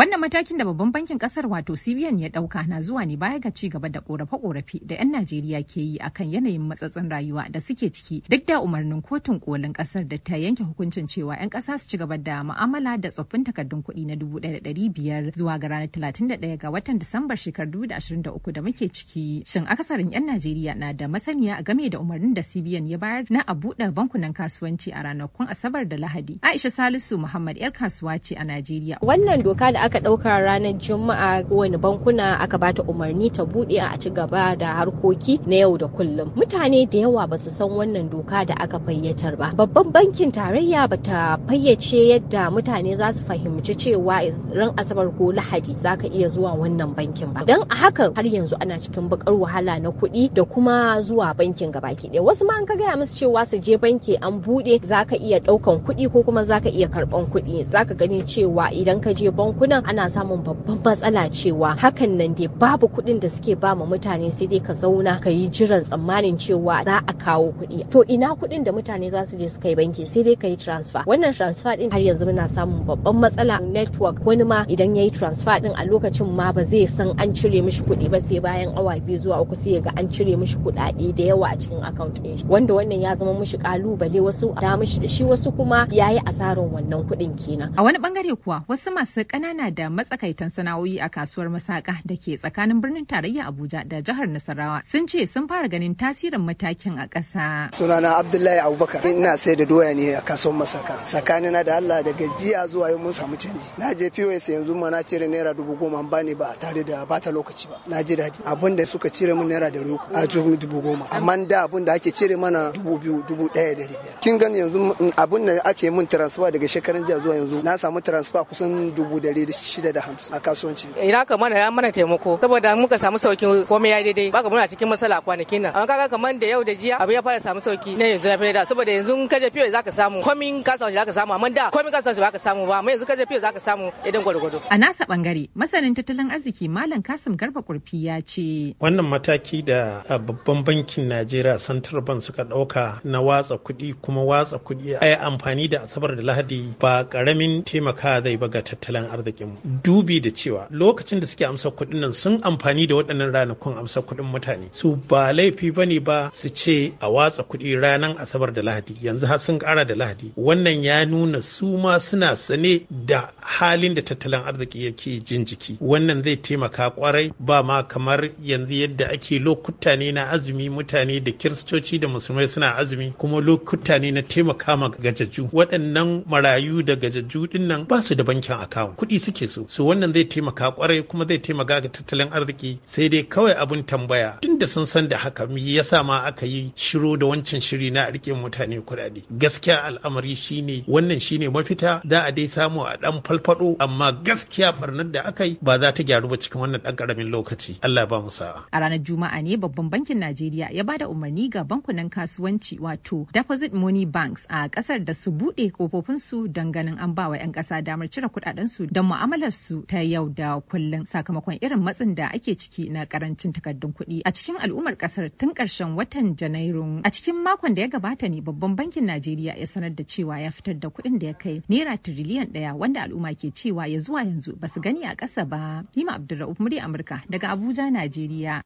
Wannan matakin da babban bankin kasar wato CBN ya dauka na zuwa ne baya ga ci gaba da korafe-korafe da 'yan Najeriya ke yi akan yanayin matsatsin rayuwa da suke ciki duk da umarnin kotun kolin kasar da ta yanke hukuncin cewa 'yan kasa su ci gaba da mu'amala da tsoffin takardun kuɗi na dubu biyar zuwa ga ranar 31 ga watan Disambar shekarar 2023 da muke ciki. Shin akasarin 'yan Najeriya na da masaniya a game da umarnin da CBN ya bayar na a buɗe bankunan kasuwanci a ranakun Asabar da Lahadi. Aisha Salisu Muhammad 'yar kasuwa ce a Najeriya. Wannan doka da aka ɗaukar ranar juma'a wani bankuna aka ba ta umarni ta buɗe a ci gaba da harkoki na yau da kullum mutane da yawa ba su san wannan doka da aka fayyatar ba babban bankin tarayya ba ta fayyace yadda mutane za su fahimci cewa ran asabar ko lahadi za ka iya zuwa wannan bankin ba don a haka har yanzu ana cikin bakar wahala na kuɗi da kuma zuwa bankin gabaki ɗaya wasu ma an ka gaya musu cewa su je banki an buɗe za ka iya ɗaukan kuɗi ko kuma za ka iya karɓan kuɗi za ka gani cewa idan ka je bankunan nan ana samun babban matsala cewa hakan nan dai babu kuɗin da suke ba ma mutane sai dai ka zauna ka yi jiran tsammanin cewa za a kawo kuɗi to ina kuɗin da mutane za su je su kai banki sai dai ka yi transfer wannan transfer din har yanzu muna samun babban matsala network wani ma idan ya yi transfer din a lokacin ma ba zai san an cire mishi kuɗi ba sai bayan awa biyu zuwa uku sai ga an cire mishi kuɗaɗe da yawa a cikin account din shi wanda wannan ya zama mishi kalubale wasu da mishi da shi wasu kuma ya yi asarar wannan kuɗin kenan a wani bangare kuwa wasu masu ƙananan yana da matsakaitan sana'o'i a kasuwar masaka da ke tsakanin birnin tarayya Abuja da jihar Nasarawa sun ce sun fara ganin tasirin matakin a ƙasa. Sunana Abdullahi Abubakar ina sai da doya ne a kasuwar masaka tsakanina da Allah daga jiya zuwa yau mun samu canji. Na je POS yanzu ma na cire naira dubu goma ba ne ba tare da bata lokaci ba. Na ji daɗi abin da suka cire min naira da uku a jirgin dubu goma amma da abin da ake cire mana dubu biyu dubu ɗaya da biyar. Kin gani yanzu abin da ake min transfer daga shekaran jiya zuwa yanzu na samu transfer kusan dubu dari 650 a kasuwanci ina ka mana ya mana taimako saboda muka samu sauki komai ya daidai baka muna cikin matsala kwanakin nan amma kaga kamar da yau da jiya abu ya fara samu sauki ne yanzu na da saboda yanzu je fiye zaka samu komin kasuwanci zaka samu amma da komin kasuwanci ka samu ba amma yanzu je fiye ka samu idan gwargwado a nasa bangare masanin tattalin arziki malam kasim garba kurfi ya ce wannan mataki da babban bankin najeriya central bank suka ɗauka na watsa kuɗi kuma watsa kuɗi a amfani da asabar da lahadi ba ƙaramin taimaka zai ba ga tattalin arziki dubi da cewa lokacin da suke amsa kuɗin nan sun amfani da waɗannan ranakun amsa kuɗin mutane su ba laifi ba ne ba su ce a watsa kuɗi ranar asabar da lahadi yanzu har sun ƙara da lahadi wannan ya nuna su ma suna sane da halin da tattalin arziki yake jin jiki wannan zai taimaka kwarai ba ma kamar yanzu yadda ake lokuta ne na azumi mutane da kiristoci da musulmai suna azumi kuma lokuta ne na taimaka ma gajaju waɗannan marayu da gajaju ɗin nan ba su da bankin akawun kuɗi suke so su wannan zai taimaka kwarai kuma zai taimaka ga tattalin arziki sai dai kawai abun tambaya tun da sun san da haka ya yasa ma aka yi shiro da wancan shiri na rike mutane kuɗaɗe gaskiya al'amari shine wannan shine mafita za a dai samu a dan falfado amma gaskiya barnar da aka yi ba za ta gyaru ba cikin wannan dan karamin lokaci Allah ba mu sa'a a ranar juma'a ne babban bankin Najeriya ya bada umarni ga bankunan kasuwanci wato deposit money banks a kasar da su bude kofofin su ganin an bawa 'yan kasa damar cire kuɗaɗen su mu mu'amalarsu ta yau da kullum sakamakon irin matsin da ake ciki na karancin takardun kuɗi a cikin al'ummar ƙasar tun ƙarshen watan janairun a cikin makon da ya gabata ne babban bankin najeriya ya sanar da cewa ya fitar da kuɗin da ya kai naira tiriliyan ɗaya wanda al'umma ke cewa ya zuwa yanzu basu gani a ƙasa ba Nima abdulra'uf murya amurka daga abuja najeriya